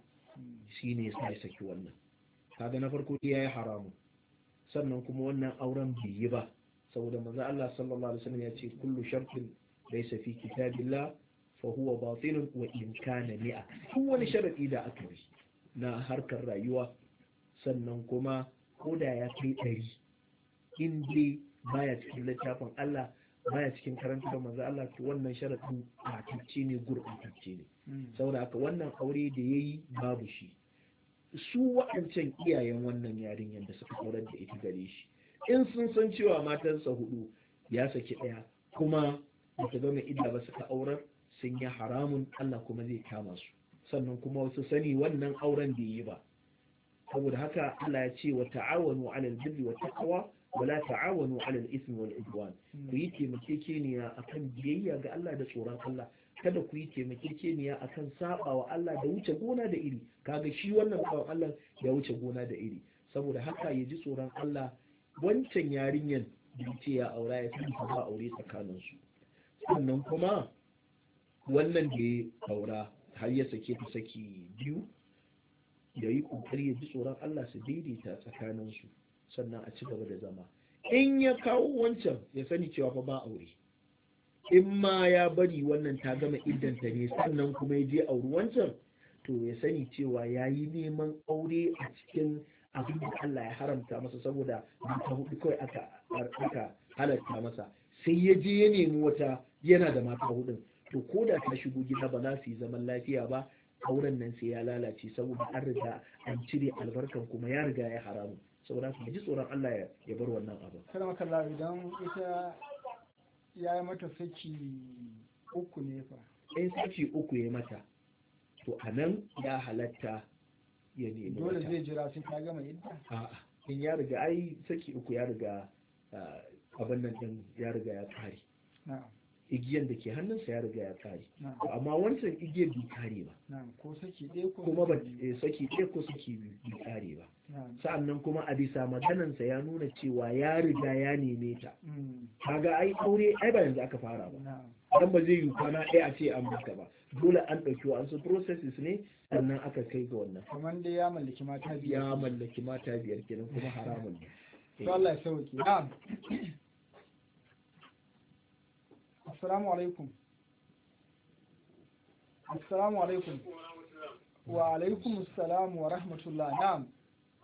shi ne ya saki wannan kaga na farko ya yi haramun sannan kuma wannan auren bai yi ba saboda manzo Allah sallallahu alaihi wasallam ya ce kullu shartin laysa fi kitabillah fa huwa batil wa in kana mi'a duk wani sharadi da aka yi na harkar rayuwa sannan kuma koda ya kai ɗari in dai baya cikin littafin Allah baya cikin karantar da manzo Allah to wannan sharadin a tacce ne gurbatacce ne hmm. saboda haka wannan aure da yayi babu shi su waɗancan iyayen wannan yarinyar da suka horar da ita gare shi in sun san cewa matansa hudu ya saki ɗaya kuma ba ta gama illa ba suka aurar sun yi haramun Allah kuma zai kama su sannan kuma wasu sani wannan auren bai yi ba saboda haka Allah ya ce wa ta'awanu 'alal birri wa taqwa wa la ta'awanu 'alal ithmi wal udwan ku yi taimakekeniya akan biyayya ga Allah da tsoron Allah kada ku yi taimakekeniya akan saba wa Allah da wuce gona da iri kaga shi wannan bawan Allah ya wuce gona da iri saboda haka ya ji tsoron Allah wancan yarinyan ce ya aura ya san ba aure tsakanin su sannan kuma wannan da ya aura har ya sake ta saki biyu ya yi kokari ya ji tsoron Allah su daidaita tsakanin su sannan a ci gaba da zama in ya kawo wancan ya sani cewa fa ba aure in ma ya bari wannan ta gama iddanta ne sannan kuma ya je auri wancan to ya sani cewa ya yi neman aure a cikin abin da Allah ya haramta masa saboda duka hudu kawai aka aka halatta masa sai ya je ya nemi wata yana da mata hudun to ko da ta shigo gida ba za su yi zaman lafiya ba auren nan sai ya lalace saboda an riga an cire albarkan kuma ya riga ya haramu saboda ka ji tsoron Allah ya bar wannan abu. Kada idan ita ya yi mata saki uku ne fa in saki uku ya mata to a nan ya halatta ya nemi dole zai jira sai ta gama yadda a'a in ya riga ai saki uku ya riga abin nan din ya riga ya tsari igiyan da ke hannunsa ya riga ya tsari amma wancan igiyar bai tsari ba kuma saki ɗaya ko eh, saki ɗaya ko saki biyu bai ba sa'annan kuma a bisa maganansa ya nuna cewa ya riga ya neme ta hmm. kaga ai aure ai ba yanzu aka fara ba dan ba zai yi kwana ɗaya a ce an baka ba dole an ɗauki wa su processes ne sannan aka kai ga wannan kamar dai ya mallaki mata biyar ya mallaki mata biyar kenan kuma haramun ne to Allah ya sauke na'am assalamu alaikum assalamu alaikum wa alaikum assalam wa rahmatullah na'am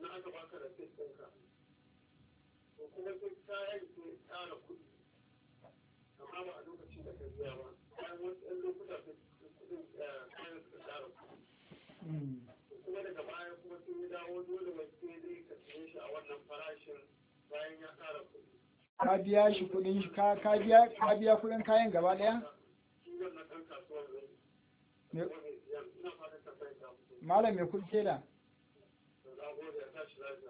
sannan aka baka da ɗinka to kuma sai yi ke tsara kuɗi amma ba a lokacin da ka biya ba bayan wasu ɗan lokuta kuɗin eh, kayan suka tsara kuɗi kuma daga baya kuma sun yi dawo dole mai sai zai ka siye shi a wannan farashin bayan ya tsara kuɗi ka biya shi kudin shi ka ka biya ka biya kudin kayan gaba daya malam ya kuɗi da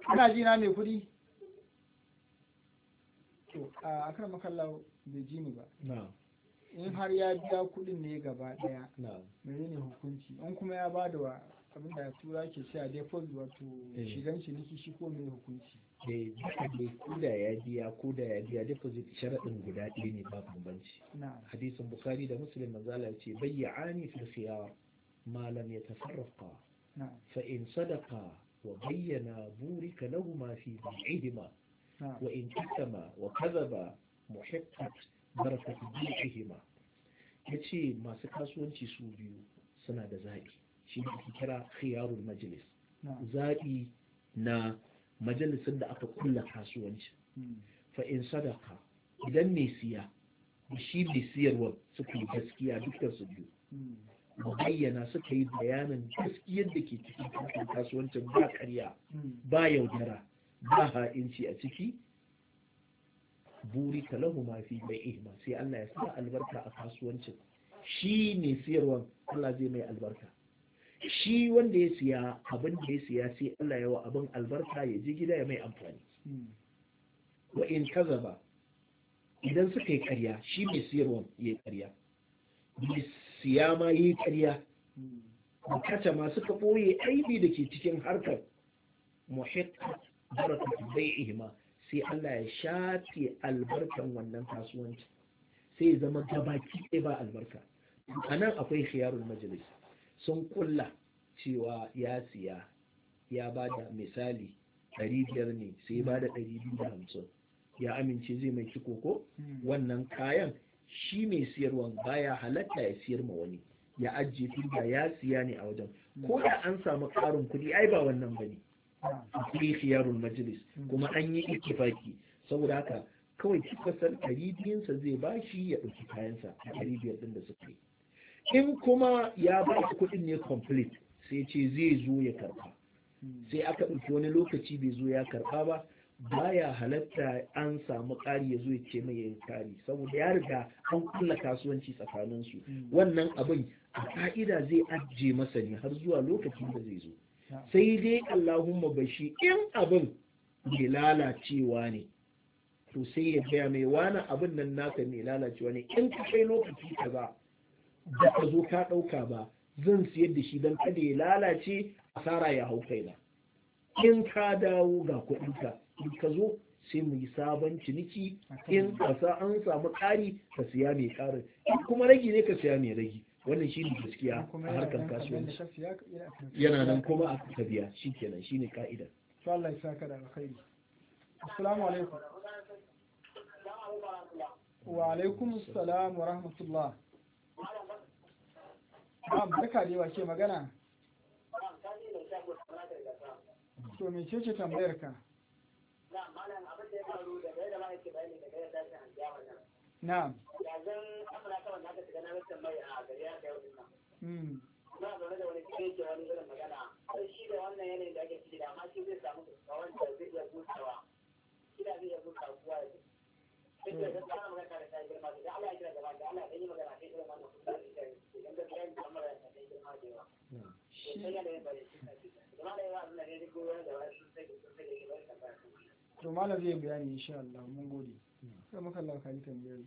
ana ji na mai kuɗi to a kan makalla bai ji ni ba in har ya biya kuɗin ne gaba ɗaya ne hukunci in kuma ya ba da abin da tura ke cewa default wato eh. shigan niki shi ko mai hukunci eh duka ko da ya biya ko da ya biya deposit sharaɗin guda ɗaya ne ba bambanci hadisin bukhari da muslim manzala ce bayyani fil khiyar malam ya yatafarraqa fa in sadaka. وبين بورك لهما في بيعهما وإن كتما وكذبا محقت بركة بيعهما yace masu kasuwanci su biyu suna da zaɓi shi ne ake kira khiyarul majalis zaɓi na majalisin da aka kulla kasuwanci fa in sadaka idan mai siya shi mai siyarwa suka yi gaskiya dukkan su biyu bayyana suka yi bayanin gaskiyar da ke cikin kamfan kasuwancin ba karya ba yaudara ba ha'inci a ciki buri lahu mafi mai ihma sai Allah ya sa albarka a kasuwancin shi ne siyarwan Allah zai mai albarka shi wanda ya siya abin da ya siya sai Allah ya wa abin albarka ya ji gida ya mai amfani wa in kaza ba, idan suka yi karya shi mai siyarwan ya yi karya Siya ma yayi ƙarya bukata ma suka ɓoye aibi da ke cikin harkar muhiqqat barakat bai'ihima sai Allah ya shafe albarkan wannan kasuwanci sai zama gabaki ɗaya ba albarka a nan akwai khiyarul majalis sun kulla cewa ya siya ya ba da misali ɗari biyar ne sai ba da ɗari biyu da hamsin ya amince zai mai koko hmm. wannan kayan shi mai siyarwan baya halatta ya siyar ma wani ya ajiye tunda ya siya ne a wajen ko da an samu karin kuɗi ai ba wannan bane fi khiyarul majalis. kuma an yi ittifaki saboda haka kawai kasar ɗari biyunsa zai bashi ya ɗauki kayansa a ɗari biyar ɗin da suka in kuma ya ba shi kuɗin ne complete sai ce zai zo ya karɓa sai aka ɗauki wani lokaci bai zo ya karɓa ba baya halatta an samu ƙari ya zo ya ce mai yayin ƙari saboda ya riga an kulla kasuwanci tsakanin su hmm. wannan abin a ka'ida zai ajiye masa ne har zuwa lokacin da zai zo hmm. sai dai Allahumma bashi in abin bai lalacewa ne to sai ya gaya mai wani abin nan naka mai lalacewa ne in ka kai lokaci ka ba da ka zo ka ɗauka ba zan siyar da shi don kada ya lalace asara ya hau kaina in ka dawo ga kuɗinka in ka zo sai mu yi sabon ciniki in kasa an samu ƙari ka siya mai ƙarin in kuma ragi ne ka siya mai ragi wannan shi ne gaskiya a harkar kasuwanci yana nan kuma a ka biya shi kenan shi ne ka'ida Allah ya wa alaikum assalam wa rahmatullah Na'am barka da yawa ke magana to mece ce tambayar ka faru da gare da ma'aikin bayani da da tashin aljiyama nan. Ya zan amura kawai na ka shiga na rashin mai a gari ya kai wani nan. Ba hmm. zaune da wani cikin ke wani irin magana. Sai shi da wannan yanayin da ake ciki da amma shi zai samu kawai da zai iya busawa. Kida zai iya busa kowa ya ce. Sai da zan tsara magana da ta girma da Allah ya kira gaba da Allah ya yi magana kai irin wannan kuma da ita idan da kayan amura da ta girma da yawa. Sai yana da yin bari shi ta ce. Zama da yawa Allah ya rigo da wani sun sai da sun sai da yi wani tambaya. to mala zai bayani insha Allah mun gode sai muka Allah ka yi tambayar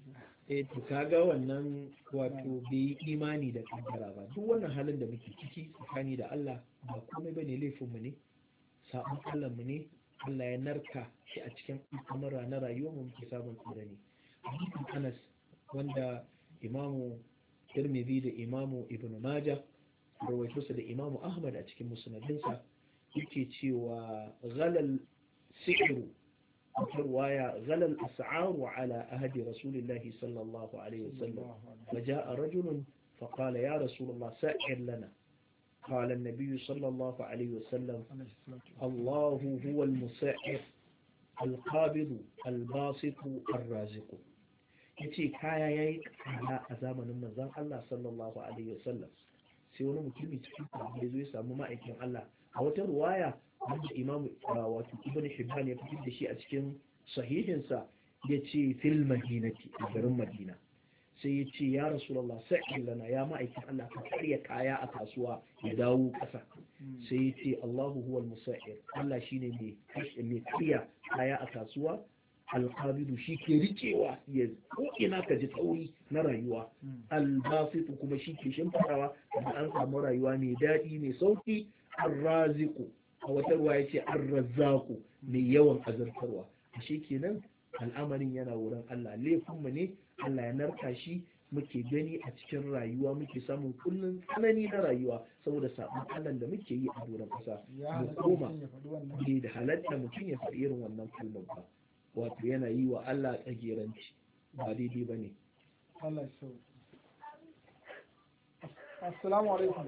eh to kaga wannan wato bai imani da kaddara ba duk wannan halin da muke ciki tsakani da Allah ba komai bane laifin mu ne sabon Allah mu ne Allah ya narka shi a cikin al'amura na rayuwar mu muke samun tsirani hadisin Anas wanda Imamu Tirmidhi da Imamu Ibn Majah rawaito da Imamu Ahmad a cikin musnadinsa yake cewa ghalal sihiru wata ruwaya galal as'aru ala ahadi rasulillahi sallallahu alaihi wasallam faja'a rajulun فقال يا رسول الله سعر لنا قال النبي صلى الله عليه وسلم الله هو المسعر القابض الباسط الرازق yace kaya yayi kaya a zamanin manzon Allah sallallahu alaihi wasallam sai wani mutumi cikin ya zo ya samu ma'aikin Allah a wata ruwaya wanda imamu wato ibn hibban ya fitar da shi a cikin sahihinsa ya ce fil madinati a garin madina sai ya ce ya rasulallah sa'in lana ya ma'aikin Allah ka karya kaya a kasuwa ya dawo ƙasa hmm. sai ya ce Allahu huwal musa'ir Allah shine ne mai karya kaya a kasuwa alqabidu shi ke rikewa ya ko ina ka ji tsauri na rayuwa hmm. albasitu kuma shi ke shimfarawa da an samu rayuwa mai daɗi mai sauki arraziku a wata ruwa ya ce arrazaku mai yawan azartarwa ashe kenan al'amarin yana wurin Allah laifinmu ne Allah ya narka shi muke gani a cikin rayuwa muke samun kullum tsanani na rayuwa saboda sabon Allah da muke yi a doron kasa mu koma ne da halatta mutum ya faɗi irin wannan kalmar ba wato yana yi wa Allah tsageranci ba daidai ba ne. Assalamu alaikum.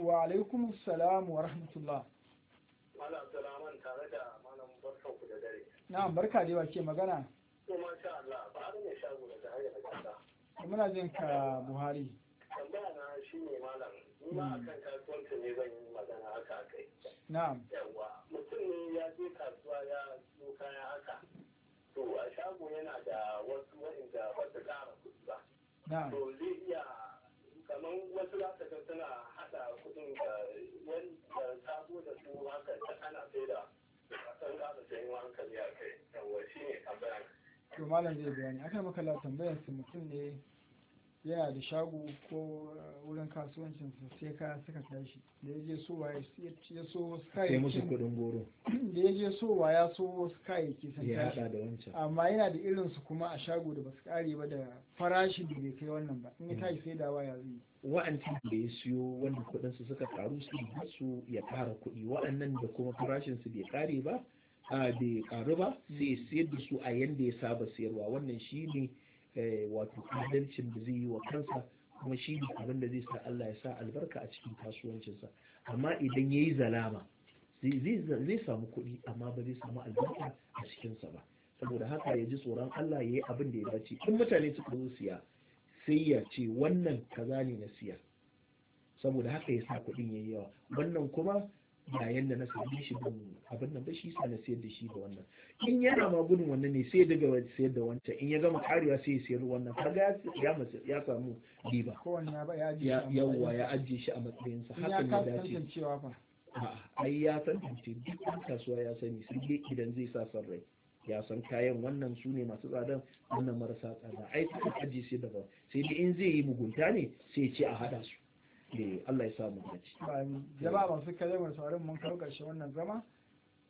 wa alaikum salam wa rahmatullah mala salaman tare da malam barka ku da dare na'am barka dai wace magana ma sha Allah ba ne shago da haya da kasa muna jin ka Buhari tambaya na shine malam ni ma akan kasuwanci ne zan yi magana haka kai. na'am yawa mutum ne ya je kasuwa ya so kaya haka to a shago yana da wasu wa'inda ba su kara kuɗi ba to zai iya kamar wasu za ka suna ana kudin da wanda sabo da su haka ta ana sai da kasan kasa sayin a kai yawa shi ne tambayan. to malam zai bayani yi makala tambayar su mutum ne yana da shago ko eh, wurin kasuwancin su sai ka suka tashi da ya je wa ya so sky sai musu kudin goro da ya je wa ya so sky ke san ya hada da wancan amma yana da irin su kuma a shago da basu kare ba da farashin da bai kai wannan ba in ya hmm. tashi sai dawa ya zai wa'ancan da ya siyo wanda kudin su suka karu su su ya kara kudi wa'annan da kuma farashin su bai kare ba a bai karu ba hmm. sai sayar da su a yanda ya saba sayarwa wannan shine Eh, wato adalcin da zai yi wa kansa kuma shi ne abin da zai sa Allah ya sa albarka a cikin kasuwancinsa amma idan ya yi zalama zai samu kuɗi amma ba zai samu albarka a cikinsa ba saboda haka ya ji tsoron Allah ya yi abin da ya dace in mutane suka zo siya sai ya ce wannan kaza ne na siya saboda haka ya sa kuɗin ya yi yawa wannan kuma yayin da na sami shi bin abin nan ba shi sa na sayar da shi da wannan in yana ma gudun wannan ne sai daga sayar da wancan in ya gama karewa sai ya sayar wannan kaga ya samu riba yawwa ya ajiye shi a matsayin sa hakan ya dace ai ya san tantance duk kasuwa ya sani sai dai idan zai sa son ya san kayan wannan su ne masu tsadan wannan marasa tsada ai ajiye sai ba. sai dai in zai yi mugunta ne sai ya ce a hada su Eh, Allah ya samu mu dace jama'a masu kare mu mun kawo karshe wannan zama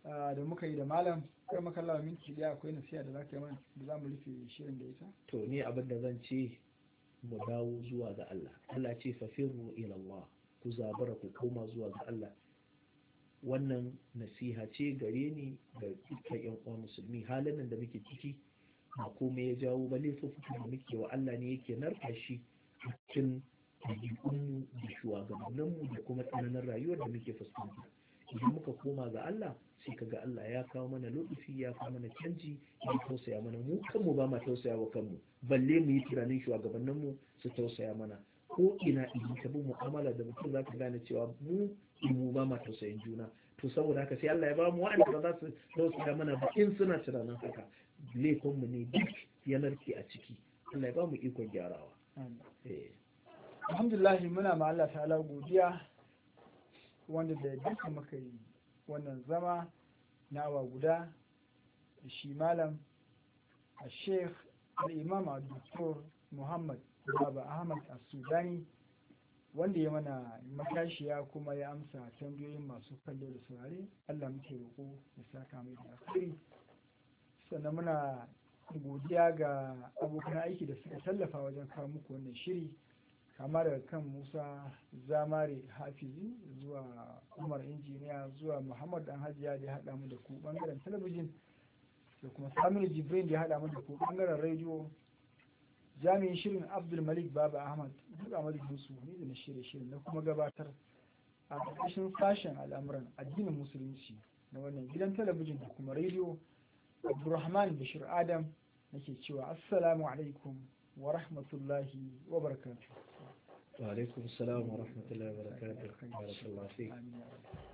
ah, da muka yi da malam kai makallawa minti daya akwai nasiha da zaka yi mana da zamu rufe shirin da ita to ni abin da zan ce mu dawo zuwa ga Allah Allah ce fafirru ila Allah ku zabara ku koma zuwa ga Allah wannan nasiha ce gare ni ga dukkan ƴan uwan musulmi halin da muke ciki ba komai ya jawo ba laifin da muke wa Allah ne yake narka shi cikin ɗabi'unmu da shugabanninmu da kuma tsananin rayuwar da muke fuskanta idan muka koma ga Allah sai kaga Allah ya kawo mana lokaci ya kawo mana canji ya tausaya mana mu kanmu ba ma tausaya wa kanmu balle mu yi tunanin shugabanninmu su tausaya mana ko ina idan ka bi mu'amala da mutum za ka gane cewa mu mu ba ma tausayin juna to saboda haka sai Allah ya ba mu wa'anda ba za su tausaya mana ba in suna tunanin haka laifinmu ne duk yanar ke a ciki Allah ya ba mu ikon gyarawa. Eh. alhamdulillah muna ma Allah ta'ala godiya wanda da duka muka yi wannan zama na awa guda da shi malam a sheikh al'imam a doktor muhammad baba ahmad a sudani wanda ya mana matashiya kuma ya amsa tambayoyin masu kallo da saurare allah muke roƙo ya saka mai da alkhairi sannan muna godiya ga abokan aiki da suka tallafa wajen kawo muku wannan shiri kamar daga kan musa zamare hafizi zuwa umar injiniya zuwa muhammad dan hajiya da ya hada mu da ku ɓangaren talabijin da kuma samun jibrin da ya hada mu da ku bangaren rediyo jami'in shirin abdulmalik baba ahmad duk a malikin su ne da na shirya shirin na kuma gabatar a ƙarƙashin sashen al'amuran addinin musulunci na wannan gidan talabijin da kuma rediyo abdulrahman bashir adam nake cewa assalamu alaikum wa rahmatullahi wa barakatuh وعليكم السلام ورحمة الله وبركاته بارك الله فيك